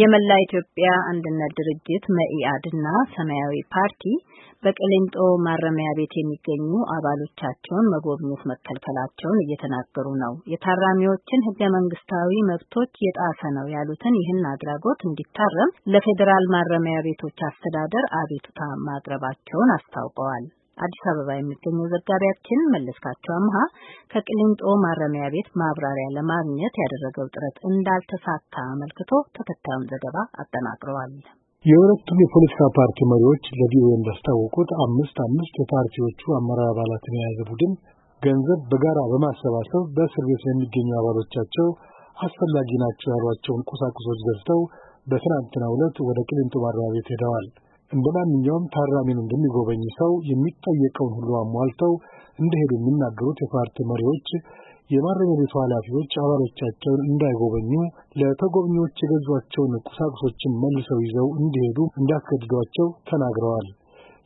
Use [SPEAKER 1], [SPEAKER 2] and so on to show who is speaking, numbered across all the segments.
[SPEAKER 1] የመላ ኢትዮጵያ አንድነት ድርጅት መኢአድና ሰማያዊ ፓርቲ በቀሌንጦ ማረሚያ ቤት የሚገኙ አባሎቻቸውን መጎብኘት መከልከላቸውን እየተናገሩ ነው። የታራሚዎችን ሕገ መንግስታዊ መብቶች የጣሰ ነው ያሉትን ይህን አድራጎት እንዲታረም ለፌዴራል ማረሚያ ቤቶች አስተዳደር አቤቱታ ማቅረባቸውን አስታውቀዋል። አዲስ አበባ የሚገኘው ዘጋቢያችን መለስካቸው አምሃ ከቅሊንጦ ማረሚያ ቤት ማብራሪያ ለማግኘት ያደረገው ጥረት እንዳልተሳካ አመልክቶ ተከታዩን ዘገባ አጠናቅረዋል።
[SPEAKER 2] የሁለቱም የፖለቲካ ፓርቲ መሪዎች ለቪኦኤ እንዳስታወቁት አምስት አምስት የፓርቲዎቹ አመራር አባላትን የያዘ ቡድን ገንዘብ በጋራ በማሰባሰብ በእስር ቤት ለሚገኙ አባሎቻቸው አስፈላጊ ናቸው ያሏቸውን ቁሳቁሶች ገዝተው በትናንትናው ዕለት ወደ ቅሊንጦ ማረሚያ ቤት ሄደዋል። እንደ ማንኛውም ታራሚን እንደሚጎበኝ ሰው የሚጠየቀውን ሁሉ አሟልተው እንደሄዱ የሚናገሩት የፓርቲ መሪዎች የማረሚያ ቤቱ ኃላፊዎች አባሎቻቸውን እንዳይጎበኙ ለተጎብኚዎች የገዟቸውን ቁሳቁሶችን መልሰው ይዘው እንዲሄዱ እንዳስገድዷቸው ተናግረዋል።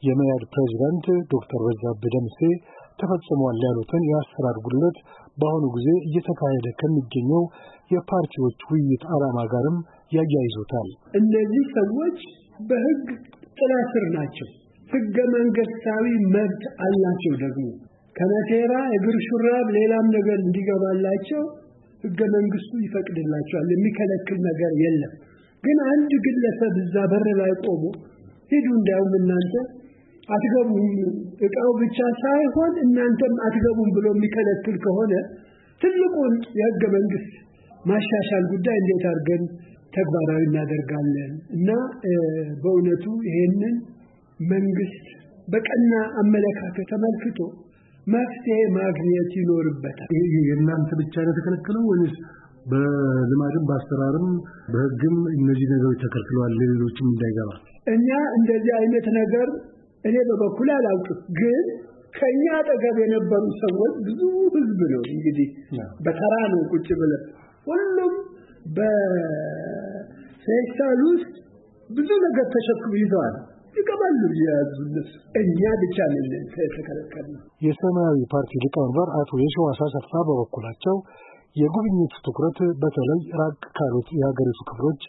[SPEAKER 2] የመያድ ፕሬዚዳንት ዶክተር በዛብህ ደምሴ ተፈጽሟል ያሉትን የአሰራር ጉድለት በአሁኑ ጊዜ እየተካሄደ ከሚገኘው የፓርቲዎች ውይይት ዓላማ ጋርም ያያይዙታል።
[SPEAKER 1] እነዚህ ሰዎች በሕግ ጥላ ስር ናቸው። ህገ መንግስታዊ መብት አላቸው። ደግሞ ከነቴራ እግር ሹራብ፣ ሌላም ነገር እንዲገባላቸው ህገ መንግስቱ ይፈቅድላቸዋል። የሚከለክል ነገር የለም። ግን አንድ ግለሰብ እዛ በር ላይ ቆሞ ሂዱ እንዲያውም እናንተ አትገቡም እቃው ብቻ ሳይሆን እናንተም አትገቡም ብሎ የሚከለክል ከሆነ ትልቁን የህገ መንግስት ማሻሻል ጉዳይ እንዴት አድርገን ተግባራዊ እናደርጋለን እና በእውነቱ ይሄንን መንግስት በቀና አመለካከት ተመልክቶ መፍትሄ ማግኘት ይኖርበታል።
[SPEAKER 2] የእናንተ ብቻ ነው የተከለከለው ወይስ በልማድም በአሰራርም በህግም እነዚህ ነገሮች ተከልክለዋል ለሌሎችም እንዳይገባ?
[SPEAKER 1] እኛ እንደዚህ አይነት ነገር እኔ በበኩል አላውቅም፣ ግን ከኛ አጠገብ የነበሩ ሰዎች ብዙ ህዝብ ነው እንግዲህ በተራ ነው ቁጭ ብለን ሁሉም በፌስታል ውስጥ ብዙ ነገር ተሸክሙ ይዘዋል። ይቀባሉ የያዙ እኛ ብቻ ነን ተከለከል
[SPEAKER 2] የሰማያዊ ፓርቲ ሊቀመንበር አቶ የሸዋስ አሰፋ በበኩላቸው የጉብኝቱ ትኩረት በተለይ ራቅ ካሉት የሀገሪቱ ክፍሎች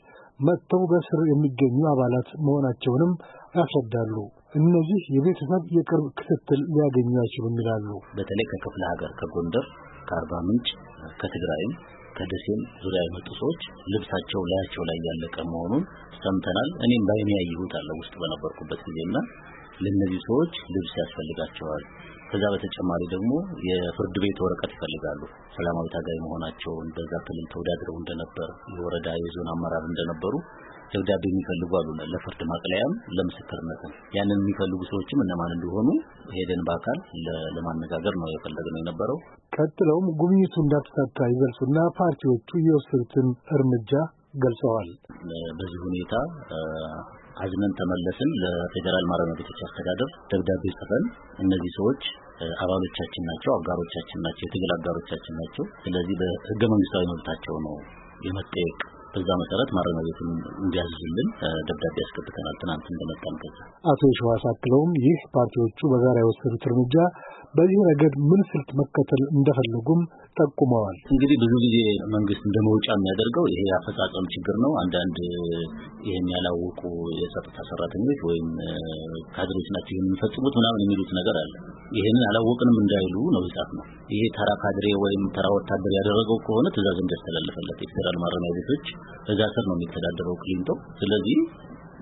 [SPEAKER 2] መጥተው በስር የሚገኙ አባላት መሆናቸውንም ያስረዳሉ። እነዚህ የቤተሰብ የቅርብ ክትትል ሊያገኙ አይችሉም ይላሉ።
[SPEAKER 3] በተለይ ከክፍለ ሀገር ከጎንደር፣ ከአርባ ምንጭ፣ ከትግራይም ከደሴም ዙሪያ የመጡ ሰዎች ልብሳቸው ላያቸው ላይ ያለቀ መሆኑን ሰምተናል። እኔም ባይኔ ያየሁት አለ ውስጥ በነበርኩበት ጊዜና ለነዚህ ሰዎች ልብስ ያስፈልጋቸዋል ከዛ በተጨማሪ ደግሞ የፍርድ ቤት ወረቀት ይፈልጋሉ። ሰላማዊ ታጋይ መሆናቸውን በዛ ክልል ተወዳድረው እንደነበር የወረዳ የዞን አመራር እንደነበሩ ደብዳቤ የሚፈልጉ አሉ። ለፍርድ ማቅለያም ለምስክርነትም ያንን የሚፈልጉ ሰዎችም እነማን እንደሆኑ ሄደን በአካል ለማነጋገር ነው የፈለግነው የነበረው።
[SPEAKER 2] ቀጥለውም ጉብኝቱ እንዳልተሳካ ይገልጹና ፓርቲዎቹ የወሰዱትን እርምጃ ገልጸዋል።
[SPEAKER 3] በዚህ ሁኔታ አዝነን ተመለስን። ለፌዴራል ማረሚያ ቤቶች አስተዳደር ደብዳቤ ጽፈን እነዚህ ሰዎች አባሎቻችን ናቸው፣ አጋሮቻችን ናቸው፣ የትግል አጋሮቻችን ናቸው። ስለዚህ በህገ መንግስታዊ መብታቸው ነው የመጠየቅ በዛ መሰረት ማረሚያ ቤቱን እንዲያዝልን ደብዳቤ ያስገብተናል። ትናንት እንደመጣን ከዛ
[SPEAKER 2] አቶ የሸዋስ አክለውም ይህ ፓርቲዎቹ በጋራ የወሰዱት እርምጃ በዚህ ረገድ ምን ስልት መከተል እንደፈለጉም ጠቁመዋል።
[SPEAKER 3] እንግዲህ ብዙ ጊዜ መንግስት እንደ መውጫ የሚያደርገው ይሄ አፈጻጸም ችግር ነው። አንዳንድ ይህን ያላወቁ የጸጥታ ሰራተኞች ወይም ካድሬዎች ናቸው የሚፈጽሙት ምናምን የሚሉት ነገር አለ። ይህንን አላወቅንም እንዳይሉ ነው ይጻፍ ነው። ይሄ ተራ ካድሬ ወይም ተራ ወታደር ያደረገው ከሆነ ትእዛዝ እንዲያስተላልፈለት የፌዴራል ማረሚያ ቤቶች እዛ ስር ነው የሚተዳደረው ክሊንቶ። ስለዚህ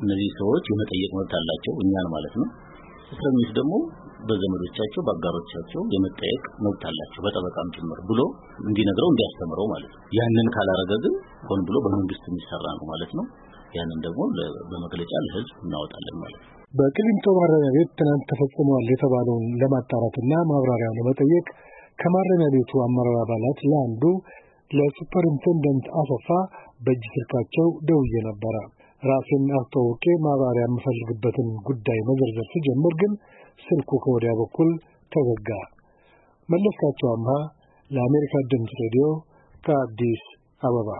[SPEAKER 3] እነዚህ ሰዎች የመጠየቅ መብት አላቸው፣ እኛን ማለት ነው። እስረኞች ደግሞ በዘመዶቻቸው በአጋሮቻቸው የመጠየቅ መብት አላቸው፣ በጠበቃም ጭምር ብሎ እንዲነግረው እንዲያስተምረው ማለት ነው። ያንን ካላረገ ግን ሆን ብሎ በመንግስት የሚሰራ ነው ማለት ነው። ያንን ደግሞ በመግለጫ ለህዝብ እናወጣለን ማለት ነው።
[SPEAKER 2] በቅሊንጦ ማረሚያ ቤት ትናንት ተፈጽመዋል የተባለውን ለማጣራትና ማብራሪያ ለመጠየቅ ከማረሚያ ቤቱ አመራር አባላት ለአንዱ ለሱፐርኢንቴንደንት አሰፋ በእጅ ስልካቸው ደውዬ ነበረ። ራሴን አስተዋውቄ ማብራሪያ የምፈልግበትን ጉዳይ መዘርዘር ስጀምር ግን ስልኩ ከወዲያ በኩል ተዘጋ። መለስካቸው አምሃ ለአሜሪካ ድምፅ ሬዲዮ ከአዲስ አበባ